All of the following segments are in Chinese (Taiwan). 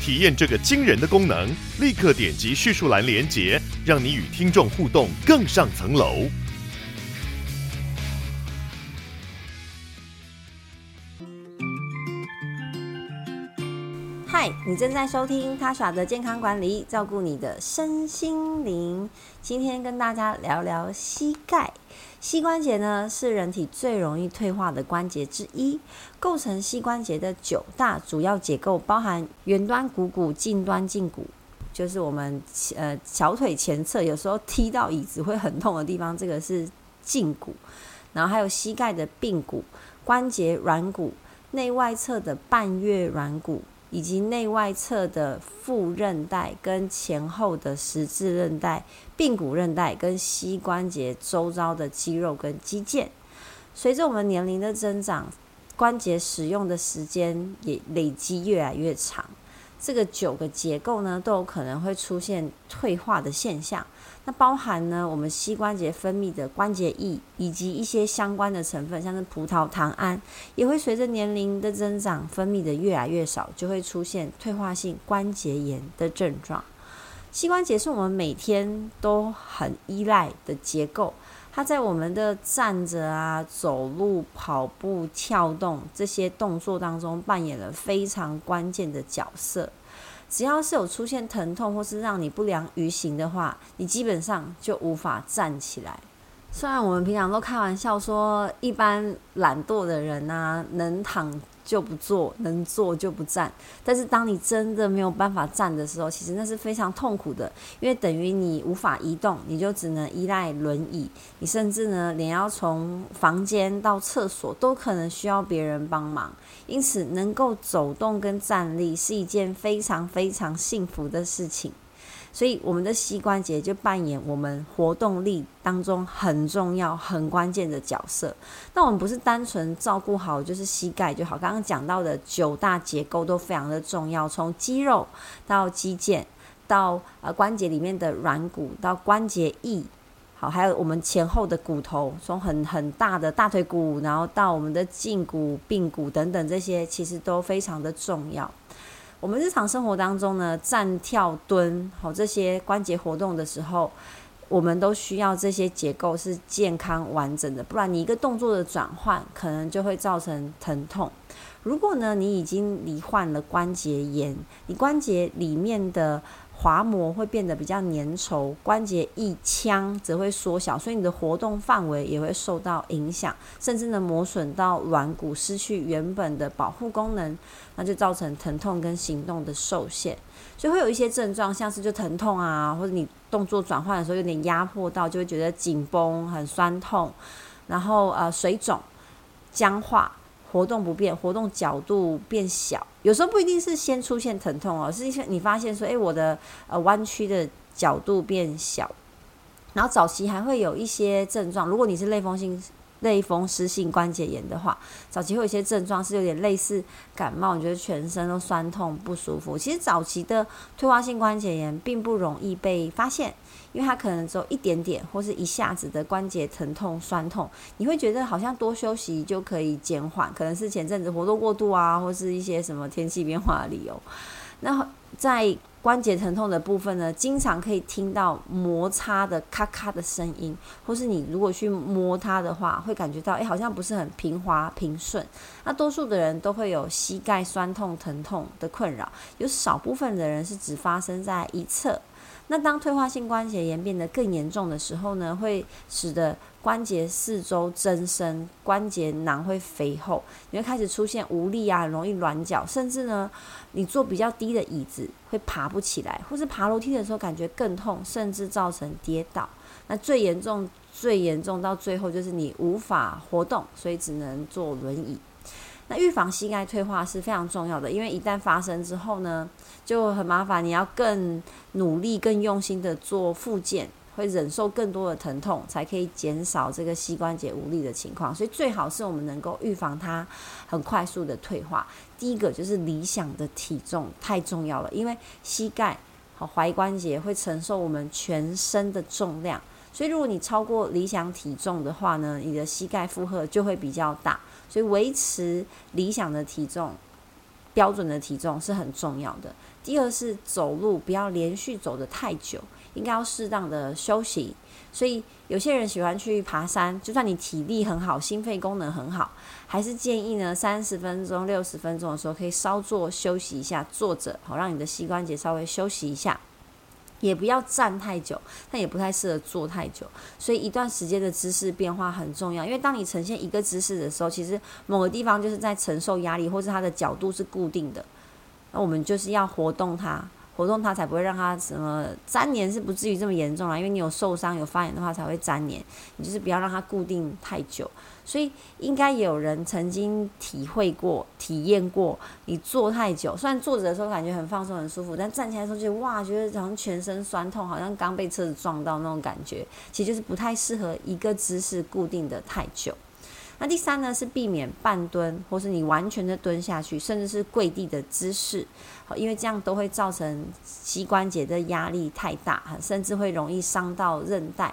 體驗這個驚人的功能，立刻點擊敘述欄連結，讓你與聽眾互動更上層樓。嗨，你正在收聽 Tasha 的健康管理，照顧你的身心靈。今天跟大家聊聊膝蓋。膝關節呢，是人體最容易退化的關節之一。構成膝關節的九大主要結構，包含遠端股骨、骨，近端脛骨，就是我們呃小腿前側有時候踢到椅子會很痛的地方，這個是脛骨。然後還有膝蓋的髕骨、關節軟骨、內外側的半月軟骨。以及內外側的副韌帶跟前後的十字韌帶、髕骨韌帶跟膝關節周遭的肌肉跟肌腱，隨着我們年齡的增長，關節使用的時間也累積越來越長，這個九個結構呢都有可能會出現退化的現象。那包含呢，我們膝關節分泌的關節液，以及一些相關的成分，像是葡萄糖胺，也會隨着年齡的增長，分泌得越來越少，就會出現退化性關節炎的症狀。膝關節是我們每天都很依賴的結構，它在我們的站着啊、走路、跑步、跳動這些動作當中，扮演了非常關鍵的角色。只要是有出現疼痛或是讓你不良於行的話，你基本上就無法站起來。雖然我們平常都開玩笑說，一般懶惰的人啊，能躺，就不坐，能坐就不站。但是當你真的沒有辦法站的時候，其實那是非常痛苦的，因為等於你無法移動，你就只能依賴輪椅。你甚至呢，連要從房間到廁所都可能需要別人幫忙。因此，能夠走動跟站立是一件非常非常幸福的事情。所以我們的膝關節就扮演我們活動力當中很重要、很關鍵的角色。那我們不是單純照顧好就是膝蓋就好，剛剛講到的九大結構都非常的重要，從肌肉到肌腱，到呃關節裡面的軟骨，到關節液，好，還有我們前後的骨頭，從很很大的大腿骨，然後到我們的脛骨、髕骨等等，這些其實都非常的重要。我們日常生活當中呢，站、跳、蹲，好，這些關節活動的時候，我們都需要這些結構是健康完整的，不然你一個動作的轉換，可能就會造成疼痛。如果呢，你已經罹患了關節炎，你關節裡面的。滑膜會變得比較粘稠，關節一腔則會縮小，所以你的活動範圍也會受到影響，甚至呢磨損到軟骨，失去原本的保護功能，那就造成疼痛跟行動的受限。所以會有一些症狀，像是就疼痛啊，或者你動作轉換的時候有點壓迫到，就會覺得緊繃、很酸痛，然後呃水腫、僵化。活動不便，活動角度變小，有時候不一定是先出現疼痛哦、喔，是因為你發現說，誒、欸，我的呃彎曲的角度變小，然後早期還會有一些症狀。如果你是類風濕。類風濕性關節炎的話，早期會有一些症狀，是有點類似感冒，你覺得全身都酸痛不舒服。其實早期的退化性關節炎並不容易被發現，因為它可能只有一點點，或是一下子的關節疼痛酸痛，你會覺得好像多休息就可以減緩，可能是前陣子活動過度啊，或是一些什麼天氣變化的理由。那在關節疼痛的部分呢，經常可以聽到摩擦的咔咔的聲音，或是你如果去摸它的話，會感覺到誒、欸，好像不是很平滑平順。那多數的人都會有膝蓋酸痛疼痛的困擾，有少部分的人是只發生在一側。那當退化性關節炎變得更嚴重的時候呢，會使得關節四周增生，關節囊會肥厚，你會開始出現無力啊，很容易軟腳，甚至呢，你坐比較低的椅子會爬不起來，或是爬樓梯的時候感覺更痛，甚至造成跌倒。那最嚴重、最嚴重到最後就是你無法活動，所以只能坐輪椅。那預防膝蓋退化是非常重要的，因為一旦發生之後呢，就很麻煩。你要更努力、更用心的做復健，會忍受更多的疼痛，才可以減少這個膝關節無力的情況。所以最好是我們能夠預防它很快速的退化。第一個就是理想的體重太重要了，因為膝蓋和踝關節會承受我們全身的重量。所以，如果你超過理想體重的話呢，你的膝蓋負荷就會比較大。所以，維持理想的體重、標準的體重是很重要的。第二是走路不要連續走得太久，應該要適當的休息。所以，有些人喜歡去爬山，就算你體力很好、心肺功能很好，還是建議呢，三十分鐘、六十分鐘的時候可以稍作休息一下，坐着，好讓你的膝關節稍微休息一下。也不要站太久，但也不太適合坐太久，所以一段時間的姿勢變化很重要。因為當你呈現一個姿勢的時候，其實某個地方就是在承受壓力，或是它的角度是固定的，那我們就是要活動它。活動它才不會讓它什麼粘黏是不至於這麼嚴重啦，因為你有受傷有發炎的話才會粘黏你就是不要讓它固定太久。所以應該有人曾經體會過、體驗過，你坐太久，雖然坐着的時候感覺很放鬆很舒服，但站起來的時候就哇，覺得好像全身酸痛，好像剛被車子撞到那種感覺。其實就是不太適合一個姿勢固定的太久。那第三呢，是避免半蹲或是你完全的蹲下去，甚至是跪地的姿勢。因為這樣都會造成膝關節的壓力太大，甚至會容易傷到韌帶，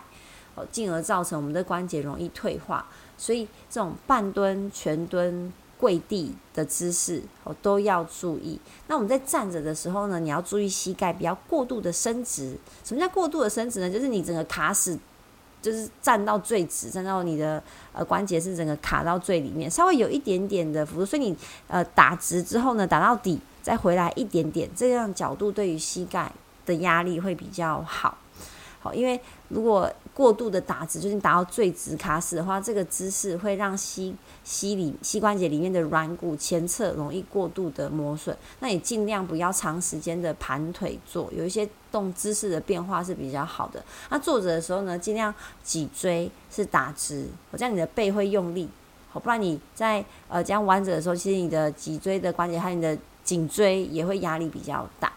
哦，進而造成我們的關節容易退化。所以這種半蹲、全蹲、跪地的姿勢，哦，都要注意。那我們在站着的時候呢，你要注意膝蓋不要過度的伸直。什麼叫過度的伸直呢？就是你整個卡死，就是站到最直，站到你的呃關節是整個卡到最裡面，稍微有一點點的幅度。所以你呃打直之後呢，打到底。再回來一點點，這樣角度對於膝蓋的壓力會比較好。好，因為如果過度的打直，就是打到最直卡死的話，這個姿勢會讓膝膝裡膝關節裡面的軟骨前側容易過度的磨損。那你盡量不要長時間的盤腿坐，有一些動姿勢的變化是比較好的。那坐着的時候呢，盡量脊椎是打直，我這樣你的背會用力，好，不然你在呃這樣彎着的時候，其實你的脊椎的關節和你的頸椎也會壓力比較大。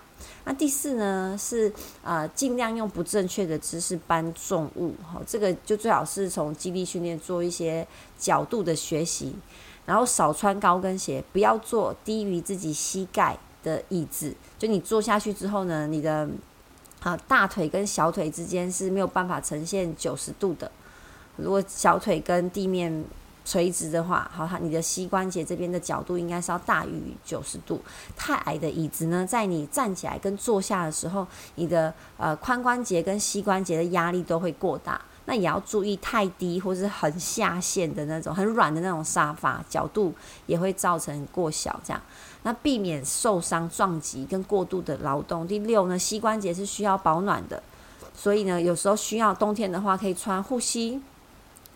那第四呢是啊，呃，盡量用不正確的姿勢搬重物，哈，這個就最好是從肌力訓練做一些角度的學習，然後少穿高跟鞋，不要坐低於自己膝蓋的椅子。就你坐下去之後呢，你的啊，呃，大腿跟小腿之間是沒有辦法呈現九十度的，如果小腿跟地面，垂直的話，好，你的膝關節這邊的角度應該是要大於九十度。太矮的椅子呢，在你站起來跟坐下的時候，你的呃髖關節跟膝關節的壓力都會過大。那也要注意太低或是很下陷的那種、很軟的那種沙發，角度也會造成過小，這樣。那避免受傷、撞擊跟過度的勞動。第六呢，膝關節是需要保暖的，所以呢，有時候需要冬天的話可以穿護膝。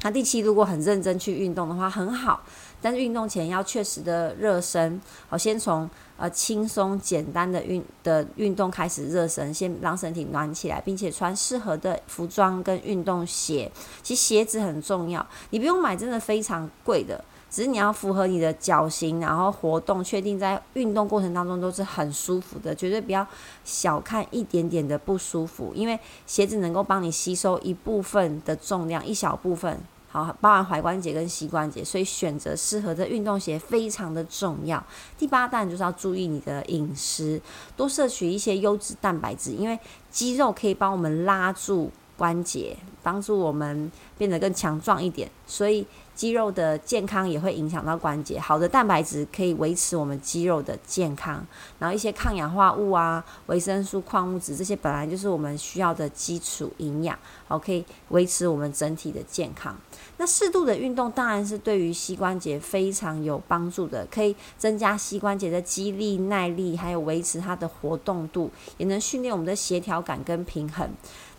那、啊、第七，如果很認真去運動的話，很好，但是運動前要確實的熱身，好，先從呃輕鬆簡單的運的運動開始熱身，先讓身體暖起來，並且穿適合的服裝跟運動鞋。其實鞋子很重要，你不用買真的非常貴的，只是你要符合你的腳型，然後活動，確定在運動過程當中都是很舒服的，絕對不要小看一點點的不舒服，因為鞋子能夠幫你吸收一部分的重量，一小部分。好，包含踝關節跟膝關節，所以選擇適合的運動鞋非常的重要。第八彈就是要注意你的飲食，多攝取一些優質蛋白質，因為肌肉可以幫我們拉住關節，幫助我們變得更強壯一點，所以。肌肉的健康也會影響到關節。好的蛋白質可以維持我們肌肉的健康，然後一些抗氧化物啊、維生素、礦物質這些，本來就是我們需要的基礎營養，好，可以維持我們整體的健康。那適度的運動當然是對於膝關節非常有幫助的，可以增加膝關節的肌力、耐力，還有維持它的活動度，也能訓練我們的協調感跟平衡。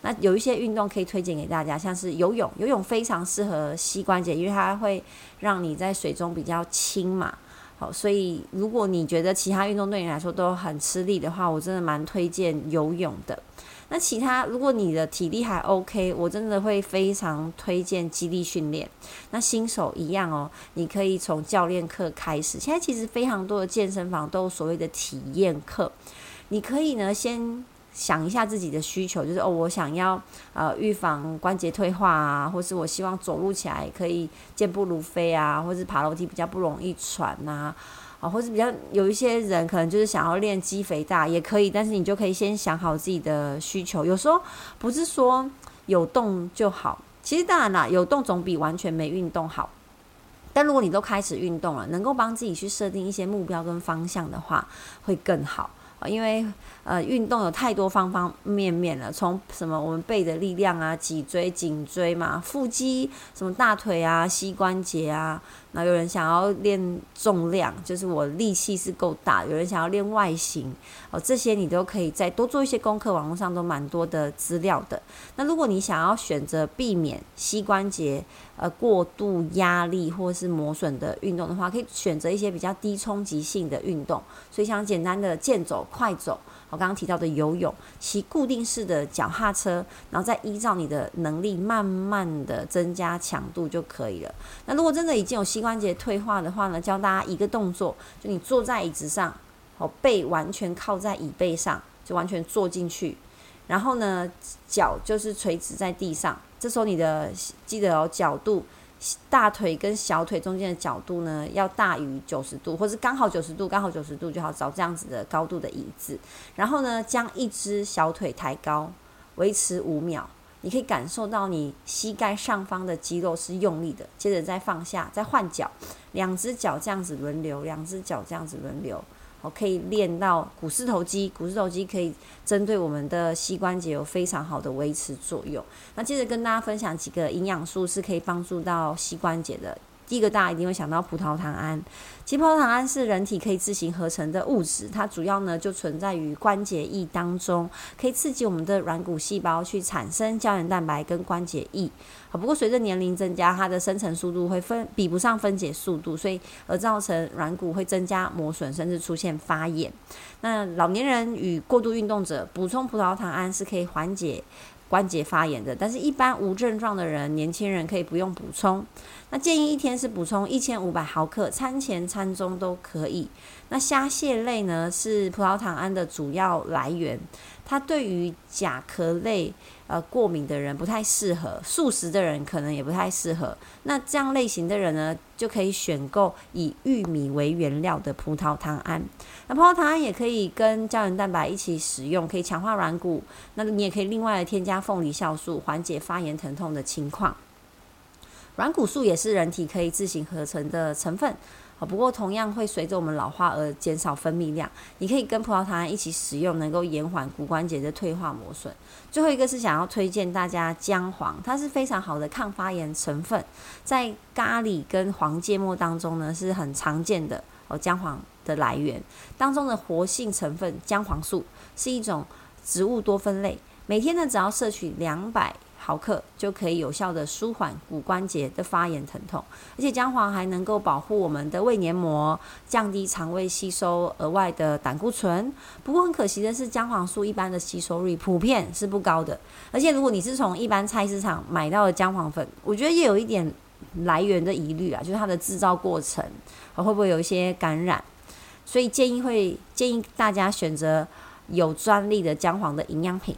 那有一些運動可以推薦給大家，像是游泳，游泳非常適合膝關節，因為它會讓你在水中比較輕嘛。好，所以如果你覺得其他運動對你來說都很吃力的話，我真的蠻推薦游泳的。那其他，如果你的體力還 OK，我真的會非常推薦肌力訓練。那新手一樣哦，你可以從教練課開始。現在其實非常多的健身房都有所謂的體驗課，你可以呢先。想一下自己的需求，就是哦，我想要呃預防關節退化啊，或是我希望走路起來可以健步如飛啊，或是爬樓梯比較不容易喘吶，啊，啊，或是比較有一些人可能就是想要練肌肥大也可以，但是你就可以先想好自己的需求。有時候不是說有動就好，其實當然啦，有動總比完全沒運動好。但如果你都開始運動了，能夠幫自己去設定一些目標跟方向的話，會更好。因為呃，運動有太多方方面面了，從什麼我們背的力量啊，脊椎、頸椎嘛，腹肌，什麼大腿啊，膝關節啊。那有人想要練重量，就是我力氣是夠大；有人想要練外形，哦，這些你都可以再多做一些功課，網絡上都蠻多的資料的。那如果你想要選擇避免膝關節呃過度壓力或是磨損的運動的話，可以選擇一些比較低衝擊性的運動，所以像簡單的健走、快走。我剛剛提到的游泳、騎固定式的腳踏車，然後再依照你的能力，慢慢的增加強度就可以了。那如果真的已經有膝關節退化的話呢？教大家一個動作，就你坐在椅子上，好，背完全靠在椅背上，就完全坐進去，然後呢，腳就是垂直在地上，這時候你的，記得哦，角度。大腿跟小腿中間的角度呢，要大於九十度，或者剛好九十度，剛好九十度就好。找這樣子的高度的椅子，然後呢，將一隻小腿抬高，維持五秒。你可以感受到你膝蓋上方的肌肉是用力的。接着再放下，再換腳，兩隻腳這樣子輪流，兩隻腳這樣子輪流。我可以練到股四頭肌，股四頭肌可以針對我們的膝關節有非常好的維持作用。那接着跟大家分享幾個營養素是可以幫助到膝關節的。第一個大，大家一定會想到葡萄糖胺。其實葡萄糖胺是人體可以自行合成的物質，它主要呢就存在於關節液當中，可以刺激我們的軟骨細胞去產生膠原蛋白跟關節液。啊，不過隨着年齡增加，它的生成速度會分比不上分解速度，所以而造成軟骨會增加磨損，甚至出現發炎。那老年人與過度運動者補充葡萄糖胺是可以緩解。關節發炎的，但是一般無症狀的人，年輕人可以不用補充。那建議一天是補充1500毫克，餐前餐中都可以。那蝦蟹類呢，是葡萄糖胺的主要來源。它對於甲殼類呃過敏的人不太適合，素食的人可能也不太適合。那這樣類型的人呢，就可以選購以玉米為原料的葡萄糖胺。那葡萄糖胺也可以跟膠原蛋白一起使用，可以強化軟骨。那你也可以另外的添加鳳梨酵素，緩解發炎疼痛的情況。軟骨素也是人體可以自行合成的成分，啊，不過同樣會隨着我們老化而減少分泌量。你可以跟葡萄糖胺一起使用，能夠延緩骨關節的退化磨損。最後一個是想要推薦大家薑黃，它是非常好的抗發炎成分，在咖喱跟黃芥末當中呢是很常見的哦。薑黃的來源當中的活性成分薑黃素是一種植物多酚類，每天呢只要攝取兩百毫克就可以有效的舒緩骨關節的發炎疼痛，而且薑黃還能夠保護我們的胃黏膜，降低腸胃吸收額外的膽固醇。不過很可惜的是，薑黃素一般的吸收率普遍是不高的。而且如果你是從一般菜市場買到的薑黃粉，我覺得也有一點來源的疑慮啊，就是它的製造過程會不會有一些感染？所以建議會建議大家選擇有專利的薑黃的營養品。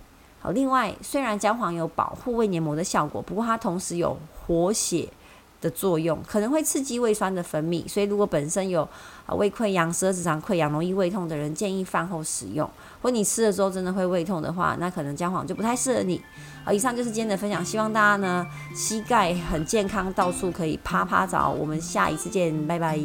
另外，雖然薑黃有保護胃黏膜的效果，不過它同時有活血的作用，可能會刺激胃酸的分泌，所以如果本身有啊胃潰瘍、十二指腸潰瘍、容易胃痛的人，建議飯後使用。或你吃了之後真的會胃痛的話，那可能薑黃就不太適合你。好，以上就是今天的分享，希望大家呢膝蓋很健康，到處可以趴趴走。我們下一次見，拜拜。